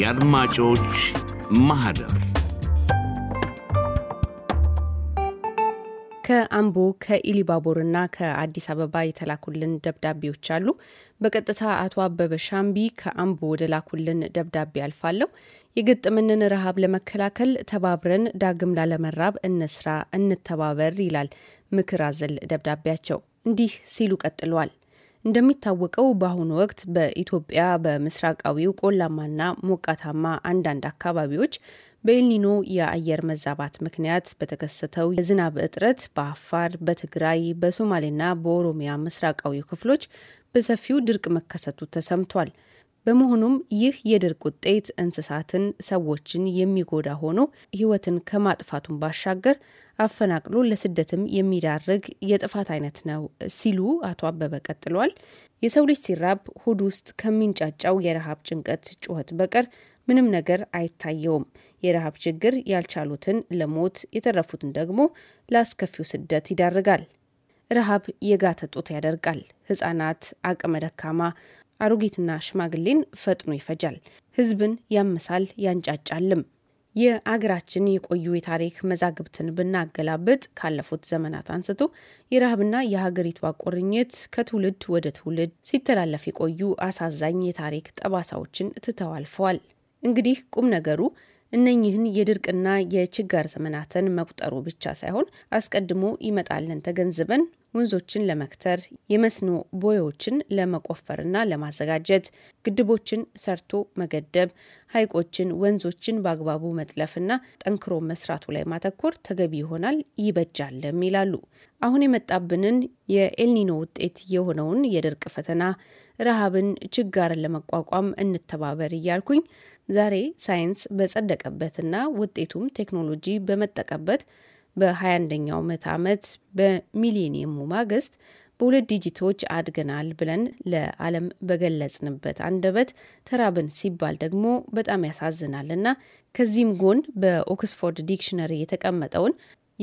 የአድማጮች ማህደር ከአምቦ ከኢሊባቦርና ከአዲስ አበባ የተላኩልን ደብዳቤዎች አሉ። በቀጥታ አቶ አበበ ሻምቢ ከአምቦ ወደ ላኩልን ደብዳቤ አልፋለሁ። የገጠመንን ረሃብ ለመከላከል ተባብረን ዳግም ላለመራብ እንስራ፣ እንተባበር ይላል ምክር አዘል ደብዳቤያቸው። እንዲህ ሲሉ ቀጥለዋል። እንደሚታወቀው በአሁኑ ወቅት በኢትዮጵያ በምስራቃዊው ቆላማና ሞቃታማ አንዳንድ አካባቢዎች በኤልኒኖ የአየር መዛባት ምክንያት በተከሰተው የዝናብ እጥረት በአፋር፣ በትግራይ፣ በሶማሌና በኦሮሚያ ምስራቃዊ ክፍሎች በሰፊው ድርቅ መከሰቱ ተሰምቷል። በመሆኑም ይህ የድርቅ ውጤት እንስሳትን፣ ሰዎችን የሚጎዳ ሆኖ ሕይወትን ከማጥፋቱን ባሻገር አፈናቅሎ ለስደትም የሚዳርግ የጥፋት አይነት ነው ሲሉ አቶ አበበ ቀጥሏል። የሰው ልጅ ሲራብ ሆድ ውስጥ ከሚንጫጫው የረሃብ ጭንቀት ጩኸት በቀር ምንም ነገር አይታየውም። የረሃብ ችግር ያልቻሉትን ለሞት የተረፉትን ደግሞ ለአስከፊው ስደት ይዳርጋል። ረሃብ የጋተ ጡት ያደርጋል። ህጻናት፣ አቅመ ደካማ፣ አሮጊትና ሽማግሌን ፈጥኖ ይፈጃል። ህዝብን ያምሳል፣ ያንጫጫልም። የአገራችን የቆዩ የታሪክ መዛግብትን ብናገላብጥ ካለፉት ዘመናት አንስቶ የረሃብና የሀገሪቷ ቁርኝት ከትውልድ ወደ ትውልድ ሲተላለፍ የቆዩ አሳዛኝ የታሪክ ጠባሳዎችን ትተው አልፈዋል። እንግዲህ ቁም ነገሩ እነኚህን የድርቅና የችጋር ዘመናትን መቁጠሩ ብቻ ሳይሆን አስቀድሞ ይመጣልን ተገንዝበን ወንዞችን ለመክተር የመስኖ ቦዮችን ለመቆፈርና ለማዘጋጀት፣ ግድቦችን ሰርቶ መገደብ፣ ሐይቆችን፣ ወንዞችን በአግባቡ መጥለፍና ጠንክሮ መስራቱ ላይ ማተኮር ተገቢ ይሆናል ይበጃልም ይላሉ። አሁን የመጣብንን የኤልኒኖ ውጤት የሆነውን የድርቅ ፈተና፣ ረሃብን፣ ችጋርን ለመቋቋም እንተባበር እያልኩኝ ዛሬ ሳይንስ በጸደቀበትና ውጤቱም ቴክኖሎጂ በመጠቀበት በ21ኛው ምዕተ ዓመት በሚሌኒየሙ ማግስት በሁለት ዲጂቶች አድገናል ብለን ለዓለም በገለጽንበት አንደበት ተራብን ሲባል ደግሞ በጣም ያሳዝናል እና ከዚህም ጎን በኦክስፎርድ ዲክሽነሪ የተቀመጠውን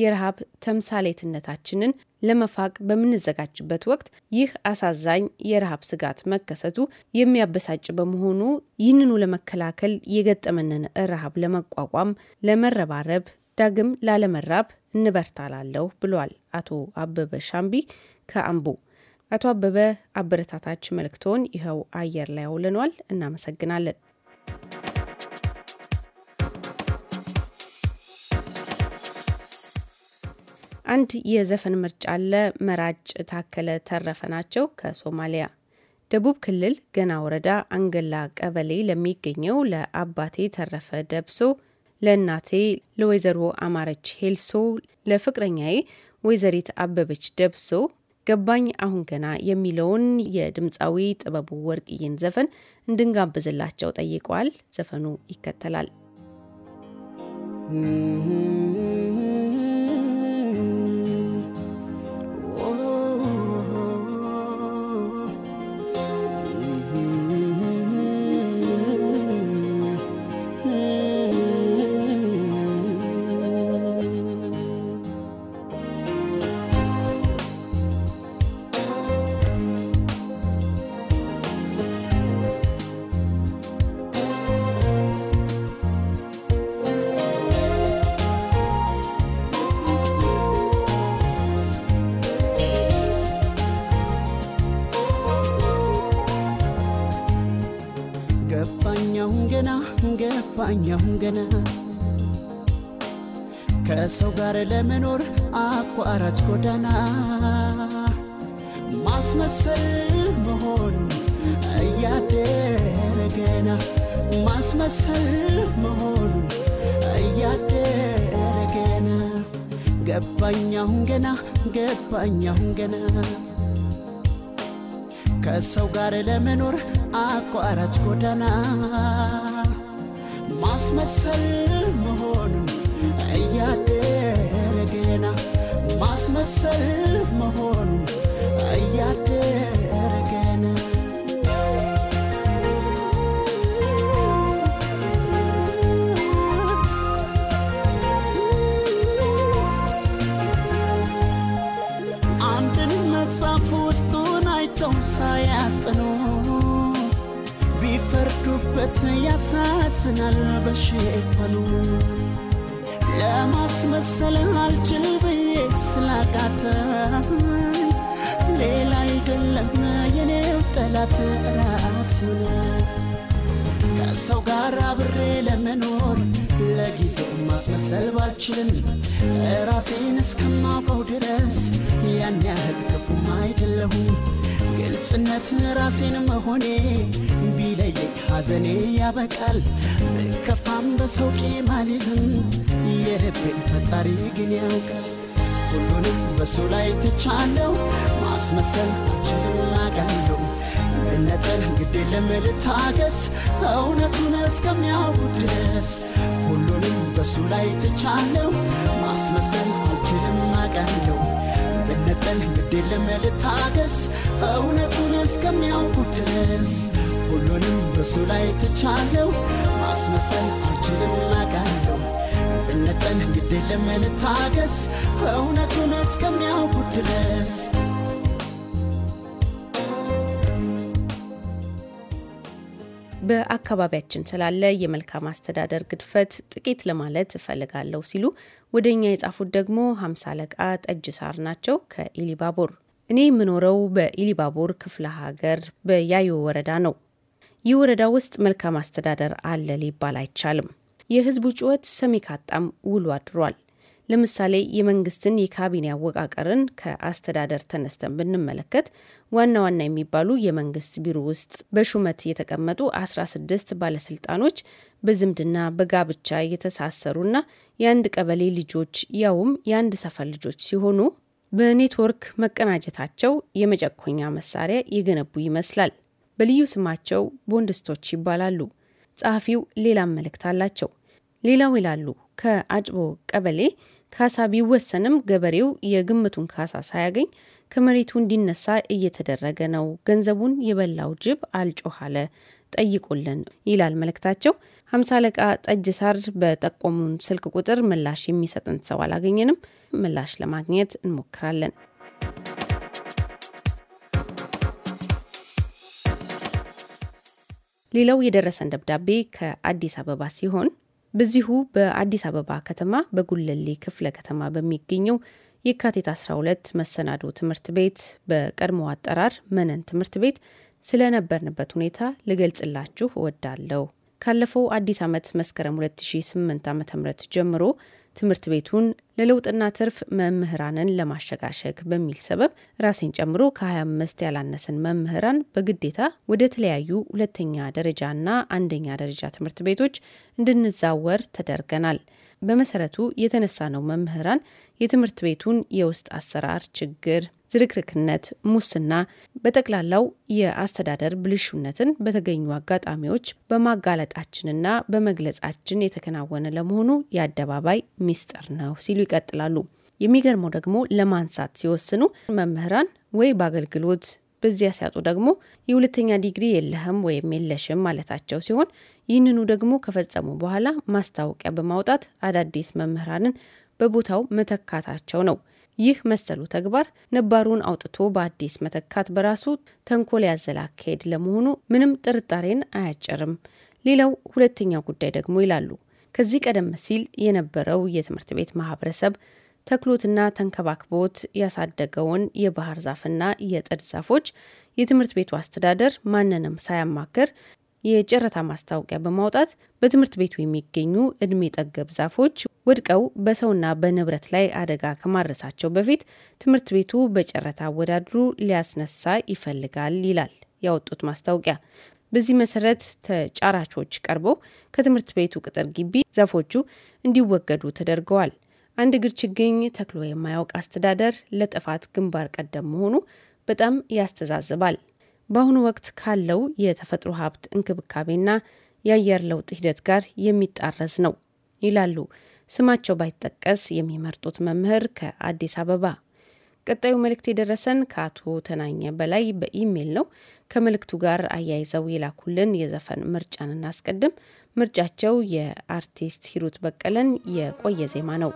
የረሃብ ተምሳሌትነታችንን ለመፋቅ በምንዘጋጅበት ወቅት ይህ አሳዛኝ የረሃብ ስጋት መከሰቱ የሚያበሳጭ በመሆኑ ይህንኑ ለመከላከል የገጠመንን ረሃብ ለመቋቋም ለመረባረብ ዳግም ላለመራብ እንበርታላለሁ ብሏል አቶ አበበ ሻምቢ ከአምቦ አቶ አበበ አበረታታች መልእክቶን ይኸው አየር ላይ አውለኗል። እናመሰግናለን። አንድ የዘፈን ምርጫ አለ። መራጭ ታከለ ተረፈ ናቸው ከሶማሊያ ደቡብ ክልል ገና ወረዳ አንገላ ቀበሌ ለሚገኘው ለአባቴ ተረፈ ደብሶ፣ ለእናቴ ለወይዘሮ አማረች ሄልሶ፣ ለፍቅረኛዬ ወይዘሪት አበበች ደብሶ ገባኝ አሁን ገና የሚለውን የድምፃዊ ጥበቡ ወርቅዬን ዘፈን እንድንጋብዝላቸው ጠይቋል ዘፈኑ ይከተላል። ገና ገባኝ አሁን ገና ከሰው ጋር ለመኖር አቋራጭ ጎዳና ማስመሰል መሆኑ እያደረገና ማስመሰል መሆኑ እያደረገና ገባኝ አሁን ገና ገባኝ ገና ከሰው ጋር ለመኖር አቋራጭ ጎዳና ማስመሰል መሆኑን እያደረ ማስመሰል መሆኑን እያደረ ገና አንድን መጽሐፍ ውስጡን አይተው ሳያጥነው ውበት ያሳዝናል በሽፋኑ ለማስመሰል አልችል ብዬ ስላቃተኝ ሌላ አይደለም የኔው ጠላት ራሴው ከሰው ጋር አብሬ ለመኖር ለጊዜ ማስመሰል ባልችልም ራሴን እስከማውቀው ድረስ ያን ያህል ክፉም አይደለሁም። ግልጽነት ራሴን መሆኔ ሲለየኝ ሐዘኔ ያበቃል። ብከፋም በሰው ቂም አልይዝም፣ የልቤን ፈጣሪ ግን ያውቃል። ሁሉንም በሱ ላይ ትቻለሁ፣ ማስመሰል አልችልም አውቃለሁ። መነጠል ግድ የለም እውነቱን እስከሚያውቁ ድረስ ሁሉንም በሱ ላይ ትቻለሁ፣ ማስመሰል አልችልም አውቃለሁ። መነጠል ግድ የለም እውነቱን እስከሚያውቁ ድረስ ሁሉንም በሱ ላይ ትቻለው ማስመሰል አልችልም አውቃለሁ እንድነጠል ግድ ለመልታገስ እውነቱን እስከሚያውቁ ድረስ በአካባቢያችን ስላለ የመልካም አስተዳደር ግድፈት ጥቂት ለማለት እፈልጋለሁ ሲሉ ወደ እኛ የጻፉት ደግሞ ሀምሳ አለቃ ጠጅ ሳር ናቸው ከኢሊባቦር። እኔ የምኖረው በኢሊባቦር ክፍለ ሀገር በያዩ ወረዳ ነው። ይህ ወረዳ ውስጥ መልካም አስተዳደር አለ ሊባል አይቻልም። የህዝቡ ጩኸት ሰሚ ካጣም ውሎ አድሯል። ለምሳሌ የመንግስትን የካቢኔ አወቃቀርን ከአስተዳደር ተነስተን ብንመለከት ዋና ዋና የሚባሉ የመንግስት ቢሮ ውስጥ በሹመት የተቀመጡ 16 ባለስልጣኖች በዝምድና በጋብቻ የተሳሰሩና የአንድ ቀበሌ ልጆች ያውም የአንድ ሰፈር ልጆች ሲሆኑ በኔትወርክ መቀናጀታቸው የመጨኮኛ መሳሪያ የገነቡ ይመስላል። በልዩ ስማቸው ቦንድስቶች ይባላሉ። ጸሐፊው ሌላም መልእክት አላቸው። ሌላው ይላሉ ከአጭቦ ቀበሌ ካሳ ቢወሰንም ገበሬው የግምቱን ካሳ ሳያገኝ ከመሬቱ እንዲነሳ እየተደረገ ነው። ገንዘቡን የበላው ጅብ አልጮኋለ ጠይቁልን ይላል መልእክታቸው። ሀምሳ አለቃ ጠጅ ሳር በጠቆሙን ስልክ ቁጥር ምላሽ የሚሰጥን ሰው አላገኘንም። ምላሽ ለማግኘት እንሞክራለን። ሌላው የደረሰን ደብዳቤ ከአዲስ አበባ ሲሆን በዚሁ በአዲስ አበባ ከተማ በጉለሌ ክፍለ ከተማ በሚገኘው የካቴት 12 መሰናዶ ትምህርት ቤት በቀድሞ አጠራር መነን ትምህርት ቤት ስለነበርንበት ሁኔታ ልገልጽላችሁ እወዳለሁ። ካለፈው አዲስ ዓመት መስከረም 2008 .ም ጀምሮ ትምህርት ቤቱን ለለውጥና ትርፍ መምህራንን ለማሸጋሸግ በሚል ሰበብ ራሴን ጨምሮ ከ25 ያላነስን መምህራን በግዴታ ወደ ተለያዩ ሁለተኛ ደረጃና አንደኛ ደረጃ ትምህርት ቤቶች እንድንዛወር ተደርገናል። በመሰረቱ የተነሳ ነው መምህራን የትምህርት ቤቱን የውስጥ አሰራር ችግር፣ ዝርክርክነት፣ ሙስና፣ በጠቅላላው የአስተዳደር ብልሹነትን በተገኙ አጋጣሚዎች በማጋለጣችንና በመግለጻችን የተከናወነ ለመሆኑ የአደባባይ ሚስጥር ነው ሲሉ ይቀጥላሉ። የሚገርመው ደግሞ ለማንሳት ሲወስኑ መምህራን ወይ በአገልግሎት በዚያ ሲያጡ ደግሞ የሁለተኛ ዲግሪ የለህም ወይም የለሽም ማለታቸው ሲሆን ይህንኑ ደግሞ ከፈጸሙ በኋላ ማስታወቂያ በማውጣት አዳዲስ መምህራንን በቦታው መተካታቸው ነው። ይህ መሰሉ ተግባር ነባሩን አውጥቶ በአዲስ መተካት በራሱ ተንኮል ያዘለ አካሄድ ለመሆኑ ምንም ጥርጣሬን አያጭርም። ሌላው ሁለተኛው ጉዳይ ደግሞ ይላሉ ከዚህ ቀደም ሲል የነበረው የትምህርት ቤት ማህበረሰብ ተክሎትና ተንከባክቦት ያሳደገውን የባህር ዛፍና የጥድ ዛፎች የትምህርት ቤቱ አስተዳደር ማንንም ሳያማክር የጨረታ ማስታወቂያ በማውጣት በትምህርት ቤቱ የሚገኙ እድሜ ጠገብ ዛፎች ወድቀው በሰውና በንብረት ላይ አደጋ ከማድረሳቸው በፊት ትምህርት ቤቱ በጨረታ አወዳድሩ ሊያስነሳ ይፈልጋል ይላል ያወጡት ማስታወቂያ። በዚህ መሰረት ተጫራቾች ቀርበው ከትምህርት ቤቱ ቅጥር ግቢ ዛፎቹ እንዲወገዱ ተደርገዋል። አንድ እግር ችግኝ ተክሎ የማያውቅ አስተዳደር ለጥፋት ግንባር ቀደም መሆኑ በጣም ያስተዛዝባል። በአሁኑ ወቅት ካለው የተፈጥሮ ሀብት እንክብካቤና የአየር ለውጥ ሂደት ጋር የሚጣረስ ነው ይላሉ ስማቸው ባይጠቀስ የሚመርጡት መምህር ከአዲስ አበባ። ቀጣዩ መልእክት የደረሰን ከአቶ ተናኘ በላይ በኢሜይል ነው። ከመልእክቱ ጋር አያይዘው የላኩልን የዘፈን ምርጫን እናስቀድም። ምርጫቸው የአርቲስት ሂሩት በቀለን የቆየ ዜማ ነው።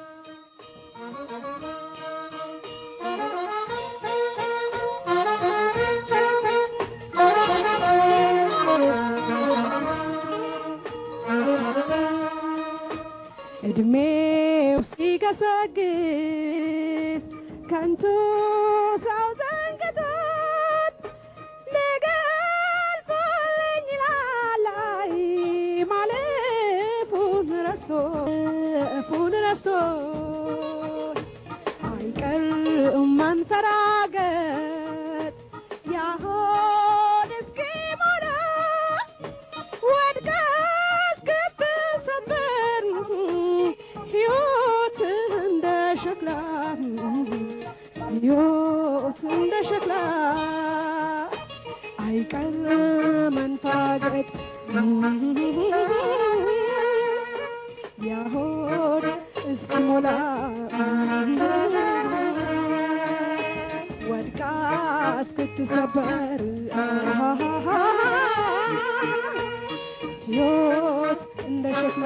እድሜው ሲገሰግስ ከንቱ ሰው ዘንግቶት ነገ አልፋለኝ ማለፉን ረስቶ እፉን ረስቶ አይቀር እማንፈራ ስትሰበር ሕይወት እንደ ሸክማ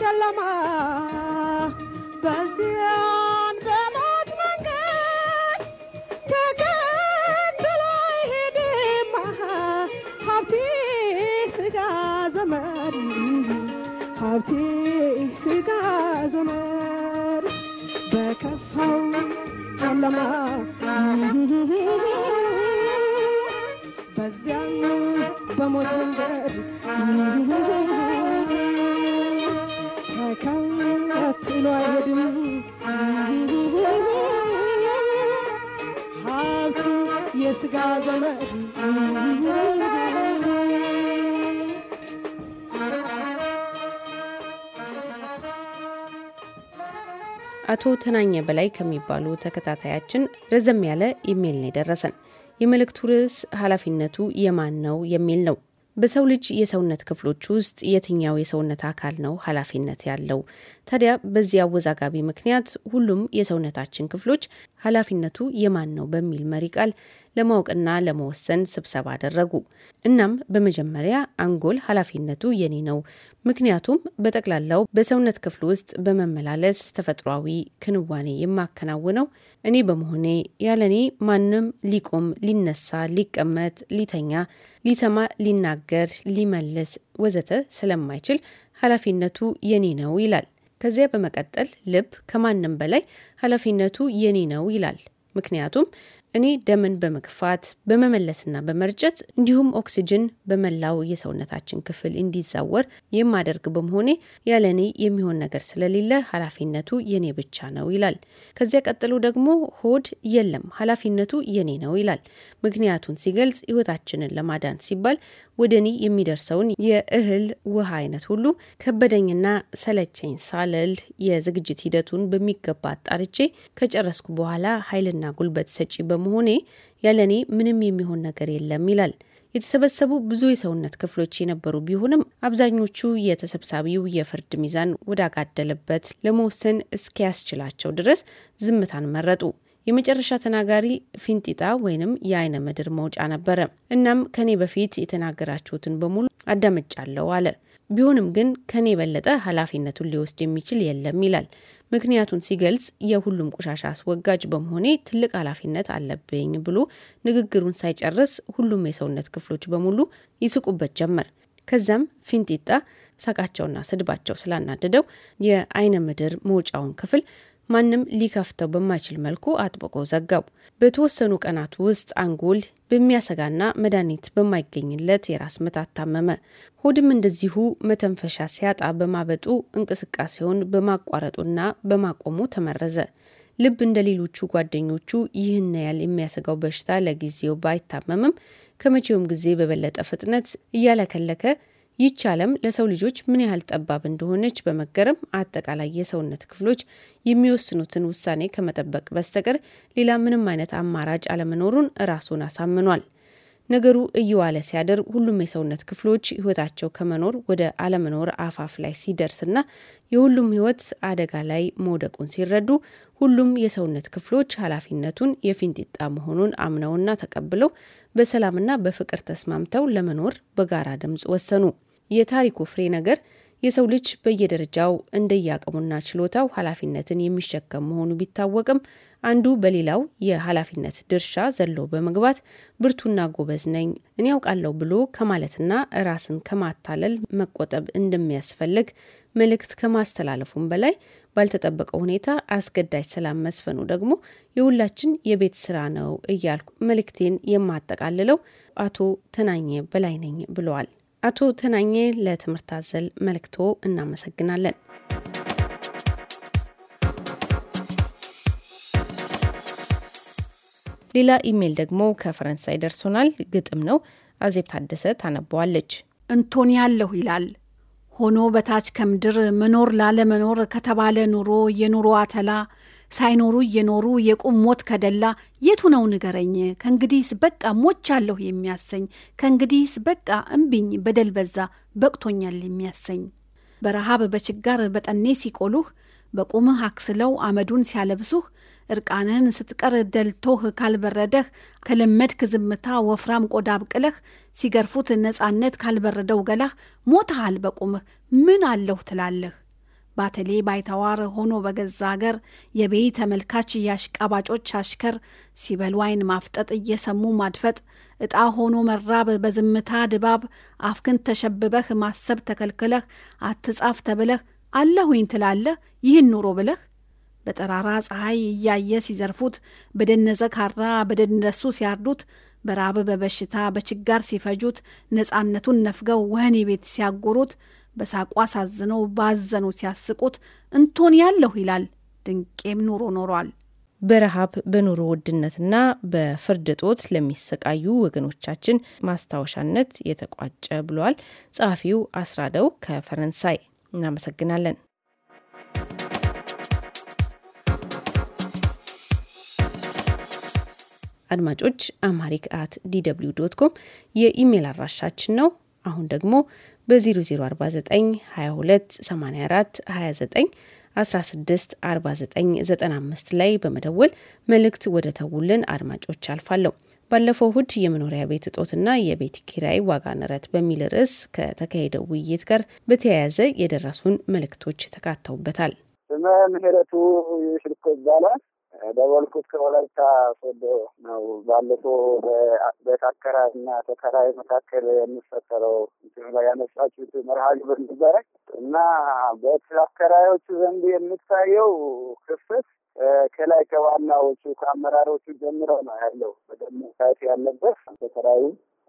ጨለማ በዚያን በሞት መንገድ ተከትሎ አይሄድም ሀብቴ ስጋ ዘመድ ሀብቴ ስጋ ዘመድ በከፋው ጨለማ ዘመድ አቶ ተናኘ በላይ ከሚባሉ ተከታታያችን ረዘም ያለ ኢሜል ነው የደረሰን። የመልእክቱ ርዕስ ኃላፊነቱ የማን ነው የሚል ነው። በሰው ልጅ የሰውነት ክፍሎች ውስጥ የትኛው የሰውነት አካል ነው ኃላፊነት ያለው? ታዲያ በዚህ አወዛጋቢ ምክንያት ሁሉም የሰውነታችን ክፍሎች ኃላፊነቱ የማን ነው በሚል መሪ ቃል ለማወቅና ለመወሰን ስብሰባ አደረጉ። እናም በመጀመሪያ አንጎል ኃላፊነቱ የኔ ነው፣ ምክንያቱም በጠቅላላው በሰውነት ክፍል ውስጥ በመመላለስ ተፈጥሯዊ ክንዋኔ የማከናውነው እኔ በመሆኔ ያለኔ ማንም ሊቆም፣ ሊነሳ፣ ሊቀመጥ፣ ሊተኛ፣ ሊሰማ፣ ሊናገር፣ ሊመልስ ወዘተ ስለማይችል ኃላፊነቱ የኔ ነው ይላል። ከዚያ በመቀጠል ልብ ከማንም በላይ ኃላፊነቱ የኔ ነው ይላል። ምክንያቱም እኔ ደምን በመግፋት በመመለስና በመርጨት እንዲሁም ኦክሲጅን በመላው የሰውነታችን ክፍል እንዲዛወር የማደርግ በመሆኔ ያለ እኔ የሚሆን ነገር ስለሌለ ኃላፊነቱ የኔ ብቻ ነው ይላል። ከዚያ ቀጥሎ ደግሞ ሆድ የለም ኃላፊነቱ የኔ ነው ይላል። ምክንያቱን ሲገልጽ ህይወታችንን ለማዳን ሲባል ወደ እኔ የሚደርሰውን የእህል ውሃ አይነት ሁሉ ከበደኝና ሰለቸኝ ሳለል የዝግጅት ሂደቱን በሚገባ አጣርቼ ከጨረስኩ በኋላ ኃይልና ጉልበት ሰጪ በመሆኔ ያለኔ ምንም የሚሆን ነገር የለም ይላል። የተሰበሰቡ ብዙ የሰውነት ክፍሎች የነበሩ ቢሆንም አብዛኞቹ የተሰብሳቢው የፍርድ ሚዛን ወዳጋደለበት ለመወሰን እስኪያስችላቸው ድረስ ዝምታን መረጡ። የመጨረሻ ተናጋሪ ፊንጢጣ ወይንም የአይነ ምድር መውጫ ነበረ። እናም ከኔ በፊት የተናገራችሁትን በሙሉ አዳምጫለሁ አለ። ቢሆንም ግን ከኔ የበለጠ ኃላፊነቱን ሊወስድ የሚችል የለም ይላል። ምክንያቱን ሲገልጽ የሁሉም ቆሻሻ አስወጋጅ በመሆኔ ትልቅ ኃላፊነት አለብኝ ብሎ ንግግሩን ሳይጨርስ ሁሉም የሰውነት ክፍሎች በሙሉ ይስቁበት ጀመር። ከዛም ፊንጢጣ ሳቃቸውና ስድባቸው ስላናደደው የአይነ ምድር መውጫውን ክፍል ማንም ሊከፍተው በማይችል መልኩ አጥብቆ ዘጋው። በተወሰኑ ቀናት ውስጥ አንጎል በሚያሰጋና መድኃኒት በማይገኝለት የራስ ምታት ታመመ። ሆድም እንደዚሁ መተንፈሻ ሲያጣ በማበጡ እንቅስቃሴውን በማቋረጡና በማቆሙ ተመረዘ። ልብ እንደ ሌሎቹ ጓደኞቹ ይህን ያህል የሚያሰጋው በሽታ ለጊዜው ባይታመምም ከመቼውም ጊዜ በበለጠ ፍጥነት እያለከለከ ይች ዓለም ለሰው ልጆች ምን ያህል ጠባብ እንደሆነች በመገረም አጠቃላይ የሰውነት ክፍሎች የሚወስኑትን ውሳኔ ከመጠበቅ በስተቀር ሌላ ምንም አይነት አማራጭ አለመኖሩን ራሱን አሳምኗል። ነገሩ እየዋለ ሲያደር ሁሉም የሰውነት ክፍሎች ህይወታቸው ከመኖር ወደ አለመኖር አፋፍ ላይ ሲደርስና የሁሉም ህይወት አደጋ ላይ መውደቁን ሲረዱ ሁሉም የሰውነት ክፍሎች ኃላፊነቱን የፊንጢጣ መሆኑን አምነውና ተቀብለው በሰላምና በፍቅር ተስማምተው ለመኖር በጋራ ድምፅ ወሰኑ። የታሪኩ ፍሬ ነገር የሰው ልጅ በየደረጃው እንደየአቅሙና ችሎታው ኃላፊነትን የሚሸከም መሆኑ ቢታወቅም አንዱ በሌላው የኃላፊነት ድርሻ ዘሎ በመግባት ብርቱና ጎበዝ ነኝ እኔ ያውቃለሁ ብሎ ከማለትና ራስን ከማታለል መቆጠብ እንደሚያስፈልግ መልእክት ከማስተላለፉም በላይ ባልተጠበቀው ሁኔታ አስገዳጅ ሰላም መስፈኑ ደግሞ የሁላችን የቤት ስራ ነው እያልኩ መልእክቴን የማጠቃልለው አቶ ተናኘ በላይ ነኝ ብለዋል። አቶ ተናኘ ለትምህርት አዘል መልእክቶ እናመሰግናለን። ሌላ ኢሜይል ደግሞ ከፈረንሳይ ደርሶናል። ግጥም ነው። አዜብ ታደሰ ታነበዋለች። እንቶን ያለሁ ይላል ሆኖ በታች ከምድር መኖር ላለመኖር ከተባለ ኑሮ የኑሮ አተላ ሳይኖሩ እየኖሩ የቁም ሞት ከደላ የቱ ነው ንገረኝ ከእንግዲህስ በቃ ሞቻለሁ የሚያሰኝ ከእንግዲህስ በቃ እምቢኝ በደል በዛ በቅቶኛል የሚያሰኝ በረሃብ በችጋር በጠኔ ሲቆሉህ በቁምህ አክስለው አመዱን ሲያለብሱህ እርቃንህን ስትቀር ደልቶህ ካልበረደህ ከለመድክ ዝምታ ወፍራም ቆዳ አብቅለህ ሲገርፉት ነፃነት ካልበረደው ገላህ ሞትሃል በቁምህ ምን አለሁ ትላለህ። ባተሌ ባይተዋር ሆኖ በገዛ አገር የቤይ ተመልካች የአሽቃባጮች አሽከር ሲበል ዋይን ማፍጠጥ እየሰሙ ማድፈጥ እጣ ሆኖ መራብ በዝምታ ድባብ አፍክን ተሸብበህ ማሰብ ተከልክለህ አትጻፍ ተብለህ አለሁኝ ትላለህ ይህን ኑሮ ብለህ በጠራራ ፀሐይ እያየ ሲዘርፉት፣ በደነዘ ካራ በደነሱ ሲያርዱት፣ በራብ በበሽታ በችጋር ሲፈጁት፣ ነፃነቱን ነፍገው ወህኒ ቤት ሲያጎሩት፣ በሳቋ ሳዝነው ባዘኑ ሲያስቁት፣ እንቶን ያለሁ ይላል ድንቄም ኑሮ ኖሯል። በረሃብ በኑሮ ውድነትና በፍርድ ጦት ለሚሰቃዩ ወገኖቻችን ማስታወሻነት የተቋጨ ብሏል ጸሐፊው አስራደው ከፈረንሳይ። እናመሰግናለን። አድማጮች አማሪክ አት ዲw ዶት ኮም የኢሜይል አድራሻችን ነው። አሁን ደግሞ በ0049228429164995 ላይ በመደወል መልእክት ወደ ተውልን አድማጮች አልፋለሁ። ባለፈው እሁድ የመኖሪያ ቤት እጦትና የቤት ኪራይ ዋጋ ንረት በሚል ርዕስ ከተካሄደው ውይይት ጋር በተያያዘ የደረሱን መልእክቶች ተካተውበታል። ስመ ምህረቱ ሽርኮ ይባላል። ደወልኩት ከወላይታ ሶዶ ነው። ባለፈው በተከራይ እና ተከራይ መካከል የሚፈጠረው ላይ ያነሳችሁት መርሃ ግብር ነበረ እና በተከራዮቹ ዘንድ የምታየው ክፍት ከላይ ከዋናዎቹ ከአመራሮቹ ጀምሮ ነው ያለው በደሞ ሳይት ያለበት በተራዊ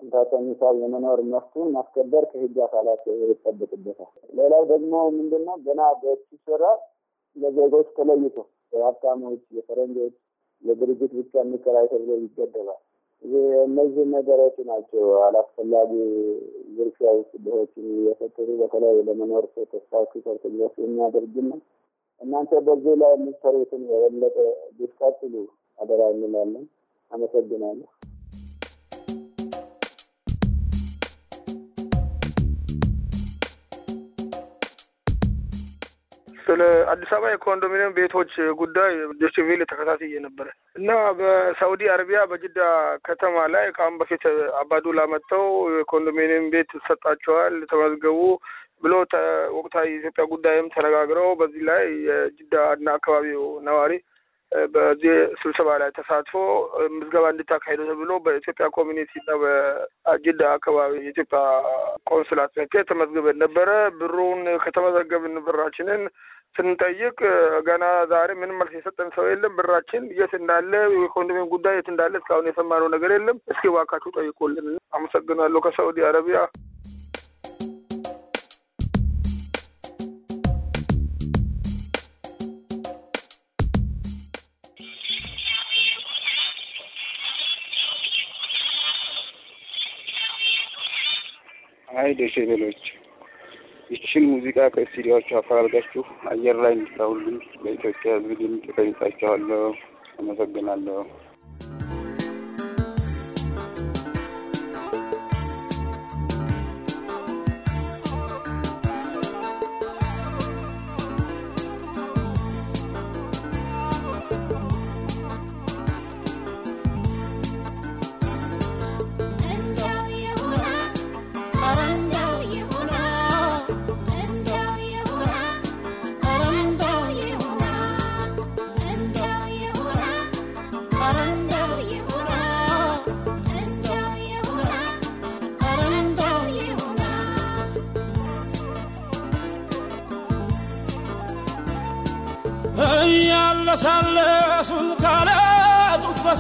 እንታጠኝታ የመኖር መብቱን ማስከበር ከህግ አካላት ይጠበቅበታል። ሌላው ደግሞ ምንድነው ገና በእሱ ስራ ለዜጎች ተለይቶ የሀብታሞች፣ የፈረንጆች፣ የድርጅት ብቻ የሚከራይ ተብሎ ይገደባል። እነዚህ ነገሮች ናቸው አላስፈላጊ ዝርፊያ ውስጥ ድሆችን እየፈጠሩ በተለይ ለመኖር ተስፋ ሲቆርጥ የሚያደርግና እናንተ በዚህ ላይ የሚሰሩትን የበለጠ ቢቀጥሉ አደራ እንላለን። አመሰግናለሁ። ስለ አዲስ አበባ የኮንዶሚኒየም ቤቶች ጉዳይ ዶችቬል ተከታትዬ ነበረ እና በሳውዲ አረቢያ በጅዳ ከተማ ላይ ከአሁን በፊት አባዱላ መጥተው የኮንዶሚኒየም ቤት ይሰጣቸዋል፣ ተመዝገቡ፣ ብሎ ወቅታዊ የኢትዮጵያ ጉዳይም ተነጋግረው በዚህ ላይ የጅዳና አካባቢው ነዋሪ በዚህ ስብሰባ ላይ ተሳትፎ ምዝገባ እንድታካሄዱ ተብሎ በኢትዮጵያ ኮሚኒቲና በጅዳ አካባቢ የኢትዮጵያ ቆንስላ ጽሕፈት ቤት ተመዝግበን ነበረ። ብሩን ከተመዘገብን ብራችንን ስንጠይቅ ገና ዛሬ ምንም መልስ የሰጠን ሰው የለም። ብራችን የት እንዳለ የኮንዶሚኒየም ጉዳይ የት እንዳለ እስካሁን የሰማነው ነገር የለም። እስኪ እባካችሁ ጠይቁልን። አመሰግናለሁ። ከሳዑዲ አረቢያ አይ ደሴቤሎች ይችን ሙዚቃ ከስቱዲዮአችሁ አፈላልጋችሁ አየር ላይ እንድታውሉኝ ለኢትዮጵያ ሕዝብ ድምጽ እጠይቃችኋለሁ። አመሰግናለሁ።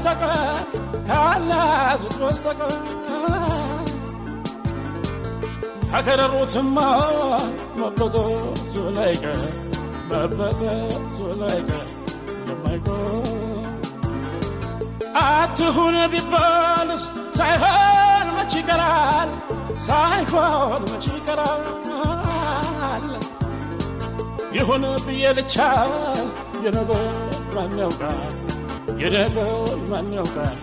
በስተቀር ካላያዙት በስተቀር ከከረሩትማ መበጠሱ ላይቀር መበጠሱ ላይቀር የማይቆም አትሁን ቢባልስ ሳይሆን መች ይቀራል ሳይሆን መች ይቀራል ይሁን ብዬ ልቻል የነገ ማን ያውቃል የደለውን ማነው ቀር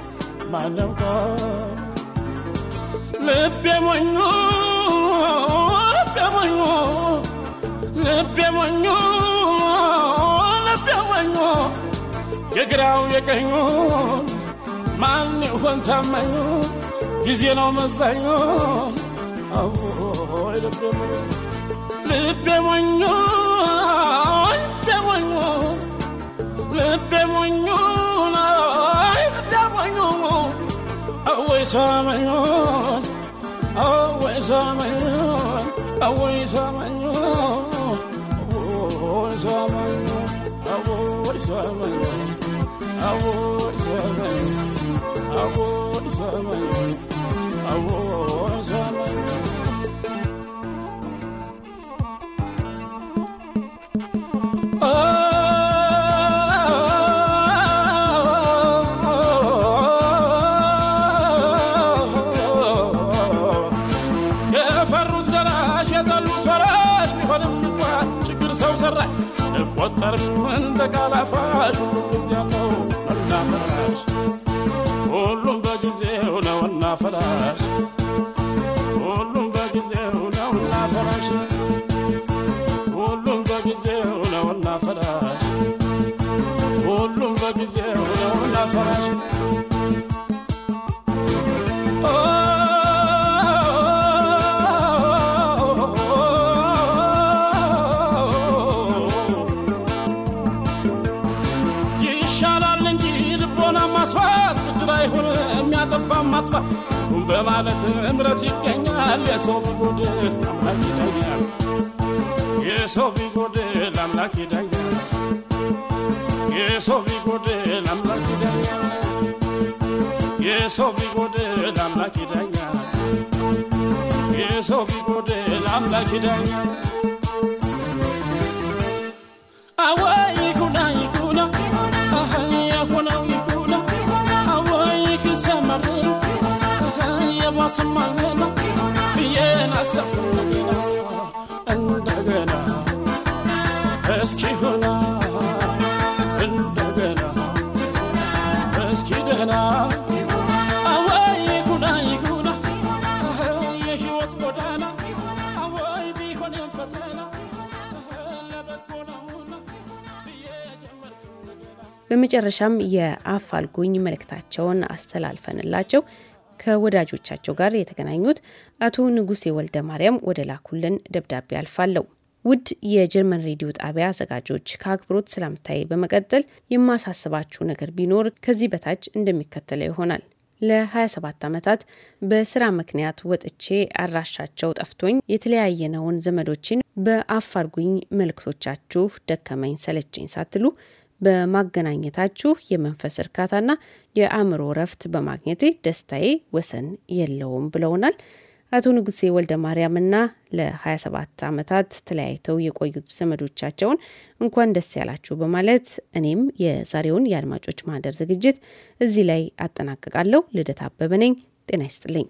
ማነው ቀር ልቤ ሞኞ ልቤ ሞኞ ልቤ ሞኞ ልቤ ሞኞ የግራው የቀኙ ማን ይሆን ታማኙ ጊዜ ነው መዛኙ አዎይ ልቤ ሞኞ ልቤ ሞኞ ልቤ ሞኞ ልቤ ሞኞ always on my own, always on my own, always on my own. i Yes, oh, we go there, I'm lucky that I Yes, oh, we go there, I'm lucky that I Yes, oh, we go there, I'm lucky that I Yes, oh, we go there, I'm lucky that I was. ሰማልገና እንደገና እስኪ እንደገና እስኪ ደህና በመጨረሻም የአፋልጉኝ መልእክታቸውን አስተላልፈንላቸው ከወዳጆቻቸው ጋር የተገናኙት አቶ ንጉሴ ወልደ ማርያም ወደ ላኩልን ደብዳቤ አልፋለሁ። ውድ የጀርመን ሬዲዮ ጣቢያ አዘጋጆች ከአክብሮት ሰላምታዬ በመቀጠል የማሳስባችሁ ነገር ቢኖር ከዚህ በታች እንደሚከተለው ይሆናል። ለ27 ዓመታት በስራ ምክንያት ወጥቼ አድራሻቸው ጠፍቶኝ የተለያየነውን ዘመዶችን በአፋልጉኝ መልእክቶቻችሁ ደከመኝ ሰለቸኝ ሳትሉ በማገናኘታችሁ የመንፈስ እርካታና የአእምሮ እረፍት በማግኘቴ ደስታዬ ወሰን የለውም ብለውናል። አቶ ንጉሴ ወልደ ማርያምና ለ27 ዓመታት ተለያይተው የቆዩት ዘመዶቻቸውን እንኳን ደስ ያላችሁ በማለት እኔም የዛሬውን የአድማጮች ማህደር ዝግጅት እዚህ ላይ አጠናቅቃለሁ። ልደት አበበ ነኝ። ጤና ይስጥልኝ።